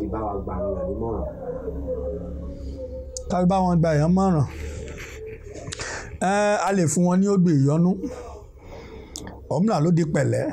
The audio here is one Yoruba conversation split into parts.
fi bá wa gbà yàn nímọ̀ràn. ká fi bá wọn gbà yàn mọ̀ràn a lè fún wọn ní odò ìyọnú ọmúlà ló di pẹ̀lẹ́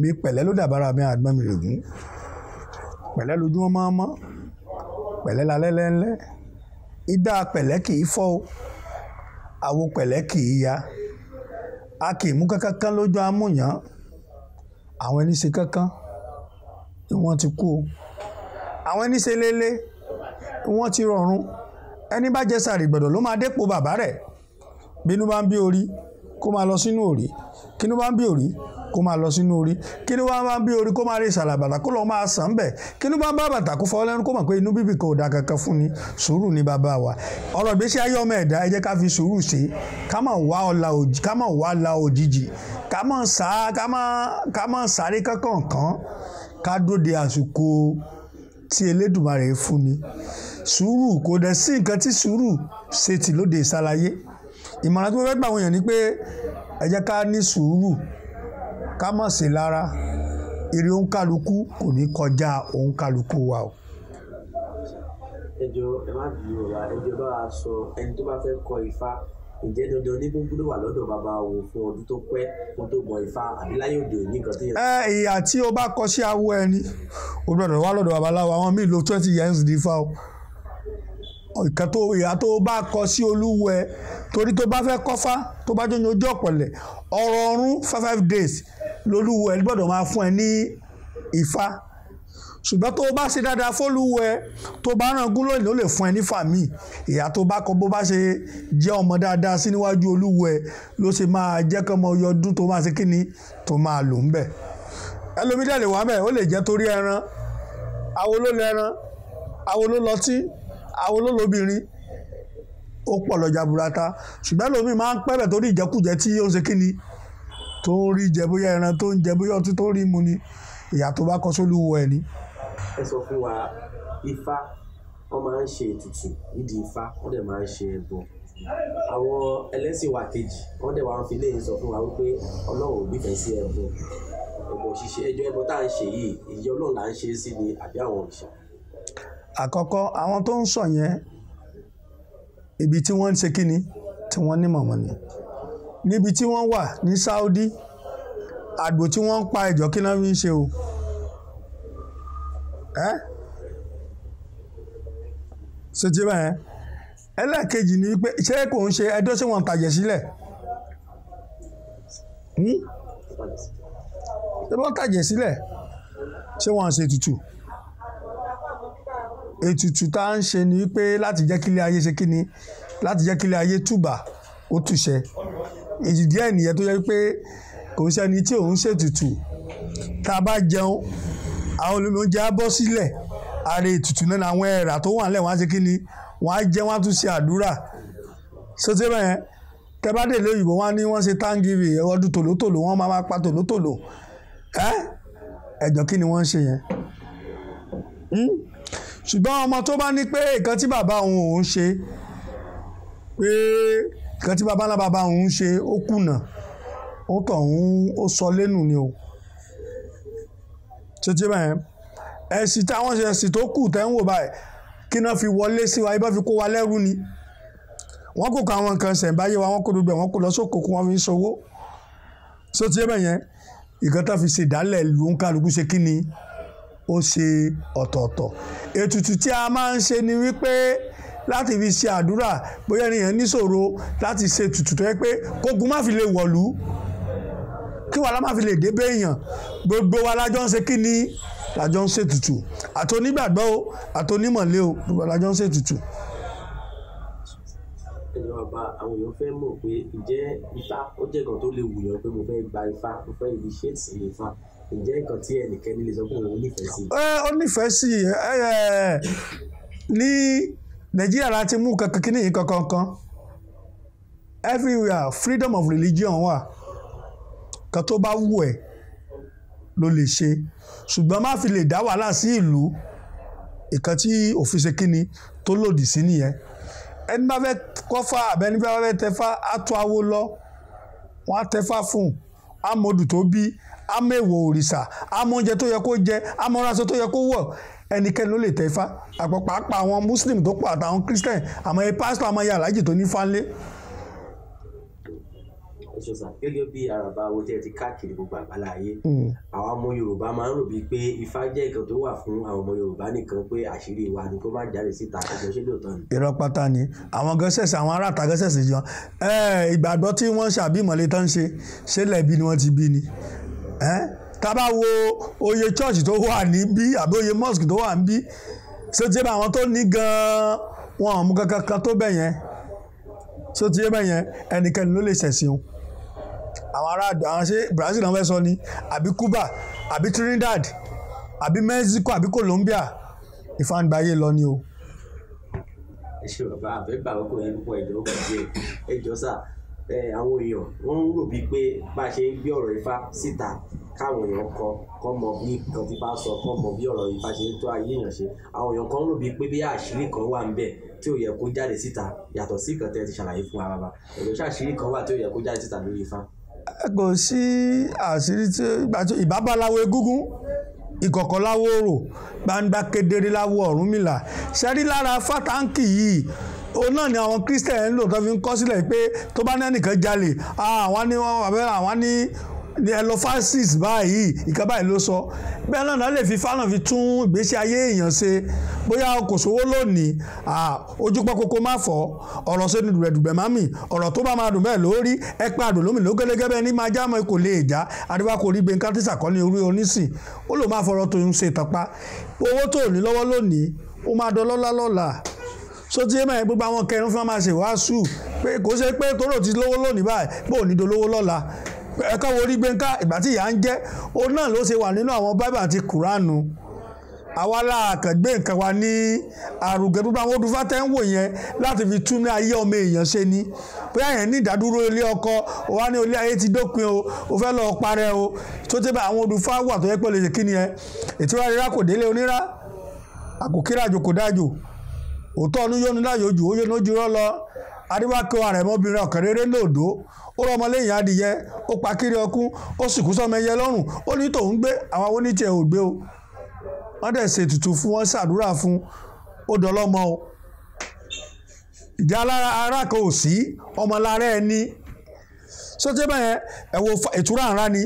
mi pẹ̀lẹ́ ló dàbára mi àgbọn mi lògùn pẹ̀lẹ́ lójú wọn máa mọ́ pẹ̀lẹ́ lálẹ́ lẹ́lẹ́ idà pẹ̀lẹ́ kì í fọ́ o àwo pẹ̀lẹ́ kì í ya a kì í mú kankan lójú amúyàn àwọn ẹni ṣe kankan ni wọ́n ti kú o àwọn ẹni ṣe lélẹ̀ wọ́n ti rọrùn ẹni bá jẹ sàrì gbọ̀dọ̀ ló máa dépò bàbá rẹ̀ bínú bá ń bí orí kó máa lọ sínú orí kínú bá ń bí orí kó máa lọ sínú orí kínú bá ń bí orí kó máa rí ìsàlàbàlà kó lọ máa sàn bẹ̀ kínú bá ń bá bàtà kó fọwọ́ lẹ́nu kó mọ̀ pé inú bíbí kò dá kankan fún ni sùúrù ni bàbá wa ọ̀rọ̀ ìgbésí ayé ọmọ ẹ̀dá ẹ jẹ́ ká fi sùúrù ṣe ká má wá ọ̀la òjì ká má wá la òjijì ká má sáré kankan kan ká dóde àsìkò tí Elédùmarè fún ni sùúrù kò dẹ̀ sí nǹkan tí sùúrù ṣe tì lóde ìsàlàyé ìmọ̀ràn tí fẹ́ gbà wọ́n yàn ni pé ẹ jẹ́ ká ní sùúrù ká má ṣe lára èrè òǹkàlùkù kò ní kọjá òǹkàlùkù wa o. ẹjọ ẹ má bìí o wa ẹjọ bá a sọ ẹni tó bá fẹ́ kọ Ifá ǹjẹ́ dandan ní gbogbo wà lọ́dọ̀ bàbá wo fún ọdún tó pẹ́ kó tó mọ Ifá àbí láyé òde òní nǹkan tó yẹ. ẹ ìyá tí o bá kọ sí awo ẹni o gbọ́dọ̀ wá lọ́dọ̀ babaláwo àwọn míì lo twenty years di Ifá o ìkan tó ìyá tó bá kọ sí olúwẹ torí tó bá fẹ́ kọ́fá tó bá jọyìn ojú ọ̀pọ̀lẹ̀ ọ̀rọ̀ ọ̀run five five days lolúwẹ gbọ́dọ̀ máa fún ẹ ní Ifá ṣùgbọ́n tó o bá ṣe dáadáa fólúwọ ẹ tó o bá ràn gún lónìí ló lè fún ẹ ní fàmì ìyá tó bá kọ bó bá ṣe jẹ́ ọmọ dáadáa sí níwájú olúwo ẹ ló ṣe máa jẹ́ kí ọmọ ọyọ ọdún tó máa ṣe kíni tó máa lò ń bẹ̀. ẹlòmídà lè wá bẹ́ẹ̀ ó lè jẹ́ torí ẹran àwo ló lẹ́ran àwo ló lọtí àwo ló lóbìnrin ó pọ̀ lọ́jà burata ṣùgbọ́n lómi máa ń pẹ́rẹ̀ torí ìjẹkújẹ tí ó ń ṣe kíni tó ń rí jẹ ẹran tó ń jẹ ọtí tó ń rí mu ni ìyà bá kọ sólúwo ẹ ni ẹ sọ fún wa ifá wọ́n máa ń ṣe ètùtù nídìí ifá wọ́n dẹ̀ máa ń ṣe ẹbọ àwọn ẹlẹ́sìn wa kejì wọ́n dẹ̀ wá ń fi léyìn sọ fún wa wípé ọlọ́run ò nífẹ̀ẹ́ sí ẹbọ ẹbọ ṣíṣe ẹjọ́ ẹbọ tá à ń ṣe yìí ìyẹn ọlọ́run là ń ṣe sí ni àbí àwọn òrìṣà. àkọ́kọ́ àwọn tó ń sọ yẹn ibi tí wọ́n ń ṣe kíni tí wọ́n ní mọ̀mọ́ ni níbi tí wọ́n wà ní Saudi àgbò tí wọ́n ń pa ìjọ kí náà fi ń ṣe o ẹ́ so ti báyẹn ẹlẹ́ẹ̀kejì ni pé ṣé kò ń ṣe ẹjọ́ sí wọn hmm? tàjẹ̀ sílẹ̀ ṣé wọ́n tàjẹ̀ sílẹ̀ ṣé wọ́n ṣe ètùtù ètùtù tá à ń ṣe ni pé láti jẹ́ kílé ayé ṣe kíni láti jẹ́ kílé ayé túbà ó túṣẹ ìdí ẹ̀ nìyẹn tó yẹ pé kò ń ṣẹ́ni tí òun ṣètùtù tá a bá jẹun àwọn olóúnjẹ á bọ́ sílẹ̀ ààrẹ ètùtù náà ni àwọn ẹ̀rà tó wà nílẹ̀ wọ́n á ṣe kí ni wọ́n á jẹ́ wọ́n á tún ṣe àdúrà sọtẹ́ bẹ́ẹ̀ tẹ́bádé lóyìnbó wọ́n á ní wọ́n ṣe táǹgìrì ọdún tòlótòló wọ́n máa pa tòlótòló ẹ́ ẹ̀jọ̀ kí ni wọ́n ń ṣe yẹn hmm? ṣùgbọ́n ọmọ tó bá ní pé nǹkan tí bàbá òun òun ṣe pé nǹkan tí bàbá bàbá òun ṣe ó kùnà ó tọ̀ òun ó sọ lẹ́nu ni o ṣe ti bẹ́ẹ̀ ẹ̀sìn táwọn ṣe ẹ̀sìn tó kù tẹ́ ń wò báyìí kí náà fi wọlé sí wa ibà fi kó wa lẹ́rú ni wọ́n kò kọ àwọn nǹkan ṣẹ̀ǹbáyé wa wọ́n kó gbogbo wọn kó lọ sókòkò wọn fi ń ṣòwò ṣe ti bẹ́ẹ̀ yẹn ìkan tó fi ṣèdálẹ̀ ló ń kálukú ṣe kí ni ó ṣe ọ̀tọ̀ọ̀tọ̀ ètùtù tí a máa ń ṣe ni wípé láti fi ṣe àdúrà bóyá ènìyàn níṣòro láti ṣe ètùtù tó yẹ pé kógun má fi lè wọ̀lú kí wàhálà má fi lè dé béèyàn gbogbo wa lájọ ń ṣe kí ni lájọ ń ṣètùtù àtònígbàgbọ́ o àtònímọ̀lé o gbogbo lájọ ń ṣètùtù. ẹ̀rọ bàbá àwọn èèyàn fẹ́ mọ̀ pé ǹjẹ́ ifá ó jẹ́ nǹkan tó lè wùyàn pé mo fẹ́ gba ifá mo fẹ́ ibi ṣé tì ifá ǹjẹ́ nǹkan tí ẹnikẹ́ni lè sọ pé òun nífẹ̀ẹ́ sí. ó nífẹ̀ẹ́ sí ní nàìjíríà la mú kankan kí nìyí kankan kan everywhere freedom of religion wà. Wow nǹkan tó bá wù ẹ́ ló lè ṣe ṣùgbọ́n má fi lè dá wàhálà sí ìlú ìkan tí òfin ṣe kíni tó lòdì sí nìyẹn ẹni bá fẹ́ kọ́fà àbẹ́ni bá fẹ́ tẹ̀fà á tó awo lọ wọ́n á tẹ̀fà fún un á mọ̀dù tó bí á mọ̀ òrìṣà á oúnjẹ tó yẹ kó jẹ á mọ̀ aṣọ tó yẹ kó wọ̀ ẹnikẹ́ni ló lè tẹ̀fà àpapọ̀ àpà àwọn muslim tó pọ̀ àtàwọn àmọ́ ẹ pásítọ̀ àmọ́ ẹ aláàjì tó ní fánlé ẹ̀ṣọ́sà gẹ́gẹ́ bí àràbà owó tẹ́ ti káàkiri gbogbo àgbàlá ayé hmm. àwọn ọmọ yorùbá máa ń rò bíi pé ifá jẹ́ nǹkan tó wà fún àwọn ọmọ yorùbá nìkan pé àṣírí wa ni kó má jáde síta ẹjọ́ ṣé lóòótọ́ ni. irọ́ pátá ni àwọn gẹ́sẹ̀sì àwọn aráàta gẹ́sẹ̀sì jọ ìgbàgbọ́ tí wọ́n ṣàbímọ̀lẹ́ tán ṣe ṣé lẹ́bi ni wọ́n ti bí ni tá wo oyè church tó wà níbí àbí oyè mosque tó wà níbí ṣé ti bá àwọn tó ní gan-an wọn ò mú kankan tó bẹ̀ yẹn ṣé ti bẹ̀ ló lè ṣẹ̀sìn o àwọn ará àwọn ṣé Brazil náà fẹ́ sọ ni àbí Cuba àbí Trinidad àbí Mexico àbí Colombia ìfanbayé lọ ni o. ẹ ṣe bàbá àbẹ́gbà ọkọ yẹn púpọ̀ ẹ̀jọ̀ ọkọ̀ díẹ̀ ẹ̀jọ̀ sà àwọn èèyàn wọ́n ń rò bíi pé bá a ṣe ń gbé ọ̀rọ̀ Ifá síta káwọn èèyàn kọ kọ́ mọ bí nǹkan ti bá sọ kọ́ mọ bí ọ̀rọ̀ Ifá ṣe ń tó ayé èèyàn ṣe àwọn èèyàn kan ń rò bíi pé bí àṣírí kan wà ń bẹ̀ tí ò yẹ kó jáde síta yàtọ̀ sí ìkàntẹ́ ti ṣàlàyé fún wa bàbá ẹ̀jọ̀ ṣàṣírí kan wà tí ò yẹ kó jáde síta lórí Ifá kò sí àṣírí tí ìbábaláwo egúngún ìkọ̀kọ̀ láwo orò gbangba kedere láwo Ọ̀rúnmìlà ṣẹ́rí lára fátáǹkì yìí òun náà ni àwọn Christian ń lò tó fi ń kọ́ sílẹ̀ pé tó bá ní ẹnìkan jalè àwọn ni ni ẹ lọ fásitì báyìí ìkan báyìí ló sọ bẹ́ẹ̀ náà náà lè fi fánà fi tún ìgbésí ayé èèyàn ṣe bóyá kò sówó lónìí ojú pọ́ kókó má fọ́ ọ̀rọ̀ sẹ́ni dùbẹ̀dùbẹ̀ má mì ọ̀rọ̀ tó bá máa dùn bẹ́ẹ̀ lórí ẹ pé àdùn lómìnir gẹ́gẹ́ bẹ́ẹ̀ ni máa jáàmọ́ kò lè já àdìbá kò rí gbẹ̀ǹkà tí sàkọ́ni orí onísìn ó lò máa fọ̀rọ̀ tó ń ṣe tọpa owó tó ní lọ́wọ́ lónìí ó máa dọlọ́lá lọ́la sótí ẹ̀mọ́ yẹn gbogbo àwọn kẹrin fún wa máa ṣèwàásù pé kò ṣe pé tóró ti lówó lónìí báyìí bó ò ní dolówó lọ́la ẹ̀kọ́ wo orí gbẹ̀ǹká ìgbà tí ìyá ń jẹ́ òun náà ló ṣe wà nínú àwọn báíbà àti kùránù àwa láàkàn gbé nǹkan wa ní àrùgẹ́ bí báwọn odùfà tẹ́ ń wò yẹn láti fi tún ní ayé ọmọ èèyàn ṣe ni bóyá yẹn ní ìdádúró ilé ọkọ ó wá ní ilé ayé ti dópin o ó fẹ́ lọ parẹ́ o tó tẹ́ bá àwọn odùfà wà tó yẹ pé lè kí ni ẹ ètí wàá kò délé onírà àkókírà jòkó dájò òótọ́ ọ̀nú yónú dájò jù ó yónú jùrọ̀ lọ adébákẹ́ àrẹ̀mọ́bìnrin ọ̀kẹ́rẹ́rẹ́ lòdó ó rọmọlẹ́yìn adìyẹ ó pa kiri ọkún ó sì kú sọmọ ẹyẹ lọ́rùn ó ní tòun gbé àwọn oníjẹ ò gbé o wọ́n dẹ̀ ṣe ètùtù fún wọn ṣàdúrà fún ó dọlọ́mọ o ìjà ara kan ò sí ọmọ lára ẹni sọtẹ báyẹn ẹ wo ìtura àrà ni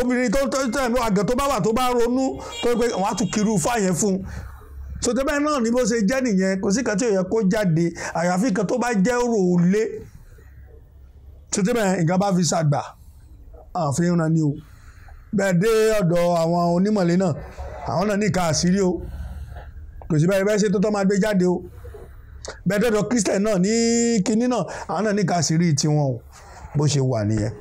obìnrin tó tẹ̀ àgẹ̀ tó bá wà tó bá ronú tó gbé wọn á tún kiri fáyẹn fún un sọtẹ́ báyìí náà ní bó ṣe jẹ́ nìyẹn kò sí kan tí ò yẹ kó jáde àyàfi kan tó bá jẹ́ òròlé sọtẹ́ báyìí nǹkan bá fi ṣàgbà àfihàn náà ni o bẹ́ẹ̀ dé ọ̀dọ̀ àwọn onímọ̀lẹ́ náà àwọn náà ní ìka àṣírí o kò sí báyìí bẹ́ẹ̀ ṣe tó tọ́ máa gbé jáde o bẹ́ẹ̀ dọ̀dọ̀ kírísítẹ̀ náà ní kinní náà àwọn náà ní ìka àṣírí tiwọn o bó ṣe wà nìyẹn.